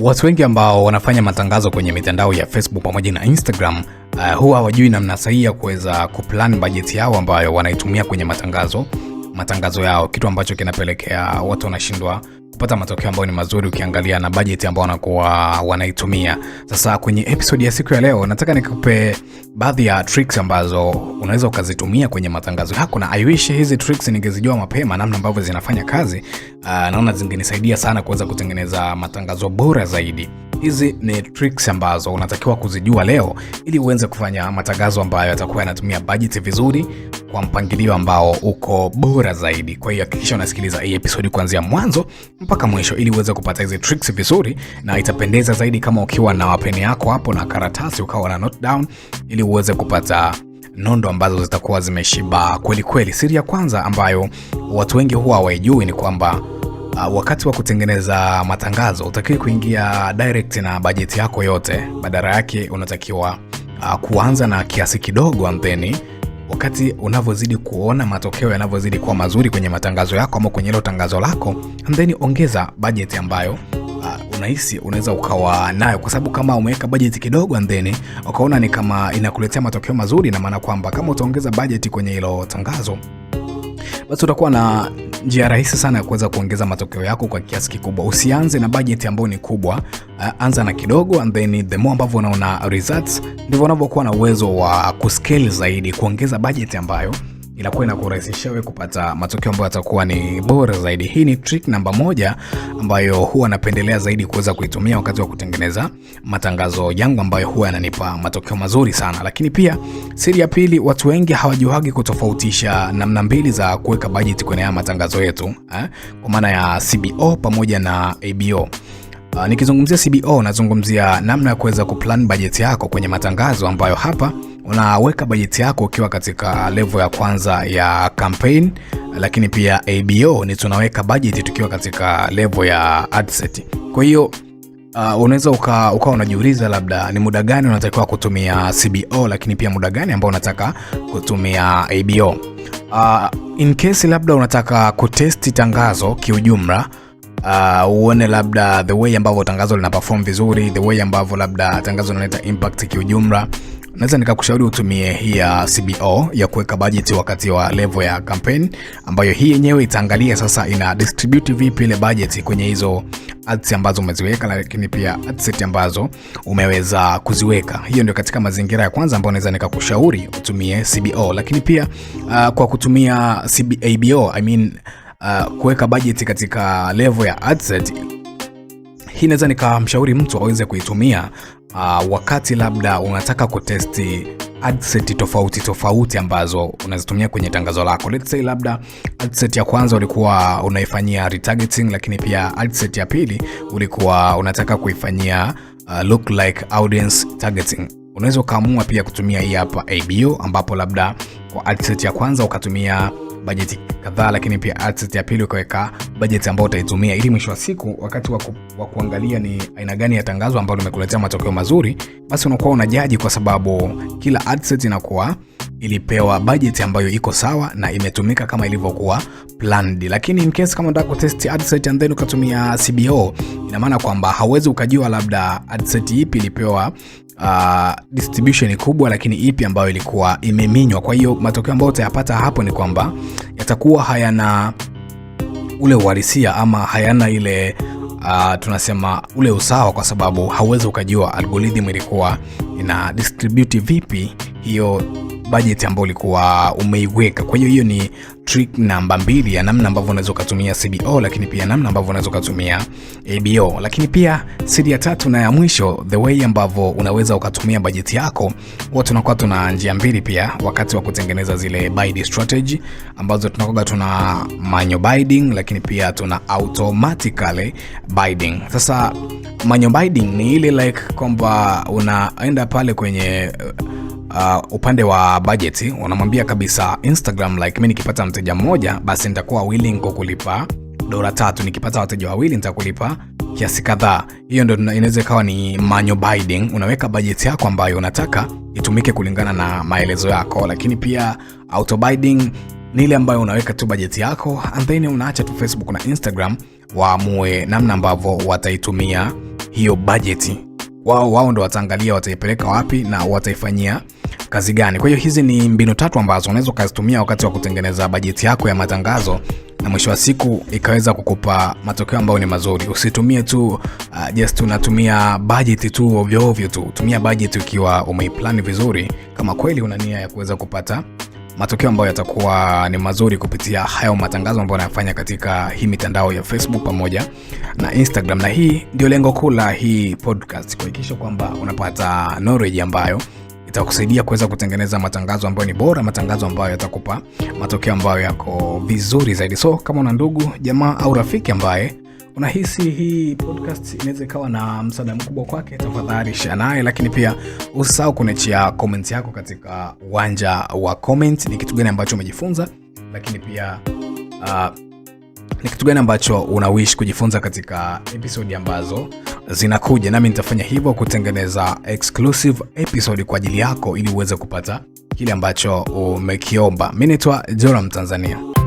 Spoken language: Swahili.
Watu wengi ambao wanafanya matangazo kwenye mitandao ya Facebook pamoja na Instagram uh, huwa hawajui namna sahihi ya kuweza kuplan bajeti yao ambayo wanaitumia kwenye matangazo matangazo yao, kitu ambacho kinapelekea watu wanashindwa kupata matokeo ambayo ni mazuri ukiangalia na bajeti ambao wanakuwa wanaitumia. Sasa kwenye episodi ya siku ya leo, nataka nikupe baadhi ya tricks ambazo unaweza ukazitumia kwenye matangazo yako, na I wish hizi tricks ningezijua mapema, namna ambavyo zinafanya kazi. Uh, naona zingenisaidia sana kuweza kutengeneza matangazo bora zaidi. Hizi ni tricks ambazo unatakiwa kuzijua leo ili uweze kufanya matangazo ambayo yatakuwa yanatumia bajeti vizuri kwa mpangilio ambao uko bora zaidi. Kwa hiyo hakikisha unasikiliza hii episodi kuanzia mwanzo mpaka mwisho ili uweze kupata hizi tricks vizuri, na itapendeza zaidi kama ukiwa na wapeni yako hapo na karatasi ukawa na note down ili uweze kupata nondo ambazo zitakuwa zimeshiba kweli kweli. Siri ya kwanza ambayo watu wengi huwa hawaijui ni kwamba Ah, wakati wa kutengeneza matangazo utakiwe kuingia direct na bajeti yako yote, badara yake unatakiwa uh, kuanza na kiasi kidogo antheni wakati unavyozidi kuona matokeo yanavyozidi kuwa mazuri kwenye matangazo yako ama kwenye hilo tangazo lako, and ongeza bajeti ambayo uh, unahisi unaweza ukawa nayo, kwa sababu kama umeweka bajeti kidogo and then ukaona ni kama inakuletea matokeo mazuri, na maana kwamba kama utaongeza bajeti kwenye hilo tangazo, basi utakuwa na njia rahisi sana ya kuweza kuongeza matokeo yako kwa kiasi kikubwa. Usianze na bajeti ambayo ni kubwa, eh, anza na kidogo and then the more ambavyo unaona results ndivyo unavyokuwa na uwezo wa kuscale zaidi, kuongeza bajeti ambayo inakuwa inakurahisishia wewe kupata matokeo ambayo yatakuwa ni bora zaidi. Hii ni trick namba moja ambayo huwa napendelea zaidi kuweza kuitumia wakati wa kutengeneza matangazo yangu ambayo huwa yananipa matokeo mazuri sana. Lakini pia siri ya pili, watu wengi hawajuagi kutofautisha namna mbili za kuweka bajeti kwenye haya matangazo yetu eh, kwa maana ya CBO pamoja na ABO. Uh, ah, nikizungumzia CBO nazungumzia namna ya kuweza kuplan bajeti yako kwenye matangazo ambayo hapa unaweka bajeti yako ukiwa katika level ya kwanza ya campaign, lakini pia ABO ni tunaweka bajeti tukiwa katika level ya ad set. Kwa hiyo Uh, unaweza ukawa uka unajiuliza labda ni muda gani unatakiwa kutumia CBO, lakini pia muda gani ambao unataka kutumia ABO. Uh, in case labda unataka kutesti tangazo kiujumla, uh, uone labda the way ambavyo tangazo lina perform vizuri, the way ambavyo labda tangazo linaleta impact kiujumla naweza nikakushauri utumie hii ya CBO ya kuweka bajeti wakati wa level ya campaign, ambayo hii yenyewe itaangalia sasa ina distribute vipi ile bajeti kwenye hizo ads ambazo umeziweka, lakini pia ads ambazo umeweza kuziweka. Hiyo ndio katika mazingira ya kwanza ambayo naweza nikakushauri utumie CBO, lakini pia uh, kwa kutumia CBABO, I mean uh, kuweka bajeti katika level ya ads hii naweza nikamshauri mtu aweze kuitumia uh, wakati labda unataka kutesti adset tofauti tofauti ambazo unazitumia kwenye tangazo lako. Let's say labda adset ya kwanza ulikuwa unaifanyia retargeting, lakini pia adset ya pili ulikuwa unataka kuifanyia uh, look like audience targeting. Unaweza ukaamua pia kutumia hii hapa ABO, ambapo labda kwa adset ya kwanza ukatumia bajeti kadhaa, lakini pia artist ya pili ukaweka bajeti ambayo utaitumia ili mwisho wa siku wakati wa waku, kuangalia ni aina gani ya tangazo ambalo limekuletea matokeo mazuri, basi unakuwa unajaji, kwa sababu kila artist inakuwa ilipewa budget ambayo iko sawa na imetumika kama ilivyokuwa planned, lakini in case kama unataka kutest adset and then ukatumia CBO, ina maana kwamba hauwezi ukajua labda adset ipi ilipewa Uh, distribution kubwa lakini ipi ambayo ilikuwa imeminywa. Kwa hiyo matokeo ambayo utayapata hapo ni kwamba yatakuwa hayana ule uhalisia ama hayana ile uh, tunasema ule usawa, kwa sababu hauwezi ukajua algorithm ilikuwa ina distribute vipi hiyo bajeti ambayo ulikuwa umeiweka. Kwa hiyo hiyo ni trick namba mbili ya namna ambavyo unaweza ukatumia CBO, lakini pia namna ambavyo unaweza ukatumia ABO. Lakini pia siri ya tatu na ya mwisho, the way ambavyo unaweza ukatumia bajeti yako, huwa tunakuwa tuna njia mbili pia wakati wa kutengeneza zile bid strategy ambazo tunakoga tuna manyo bidding, lakini pia tuna automatically bidding. Sasa manyo bidding ni ile like kwamba unaenda pale kwenye uh, uh, upande wa bajeti wanamwambia kabisa Instagram like mimi nikipata mteja mmoja basi nitakuwa willing kukulipa dola tatu, nikipata wateja wawili nitakulipa kiasi kadhaa. Hiyo ndio inaweza ikawa ni manyo binding. Unaweka bajeti yako ambayo unataka itumike kulingana na maelezo yako, lakini pia auto binding ni ile ambayo unaweka tu bajeti yako and then unaacha tu Facebook na Instagram waamue namna ambavyo wataitumia hiyo bajeti wao. Wao ndo wataangalia wataipeleka wapi na wataifanyia kazi gani. Kwa hiyo hizi ni mbinu tatu ambazo unaweza ukazitumia wakati wa kutengeneza bajeti yako ya matangazo na mwisho wa siku ikaweza kukupa matokeo ambayo ni mazuri. Usitumie tu uh, just unatumia budget tu ovyo ovyo tu. Tumia budget ukiwa umeiplan vizuri, kama kweli una nia ya kuweza kupata matokeo ambayo yatakuwa ni mazuri kupitia hayo matangazo ambayo unayofanya katika hii mitandao ya Facebook pamoja na Instagram. Na hii ndio lengo kuu la hii podcast, kuhakikisha kwamba unapata knowledge ambayo itakusaidia kuweza kutengeneza matangazo ambayo ni bora, matangazo ambayo yatakupa matokeo ambayo yako vizuri zaidi. So kama una ndugu, jamaa au rafiki ambaye unahisi hii podcast inaweza ikawa na msaada mkubwa kwake, tafadhali share naye, lakini pia usisahau kuniachia comment yako katika uwanja wa comment, ni kitu gani ambacho umejifunza, lakini pia uh, ni kitu gani ambacho unawishi kujifunza katika episodi ambazo zinakuja, nami nitafanya hivyo kutengeneza exclusive episode kwa ajili yako ili uweze kupata kile ambacho umekiomba. Mimi naitwa Joram Tanzania.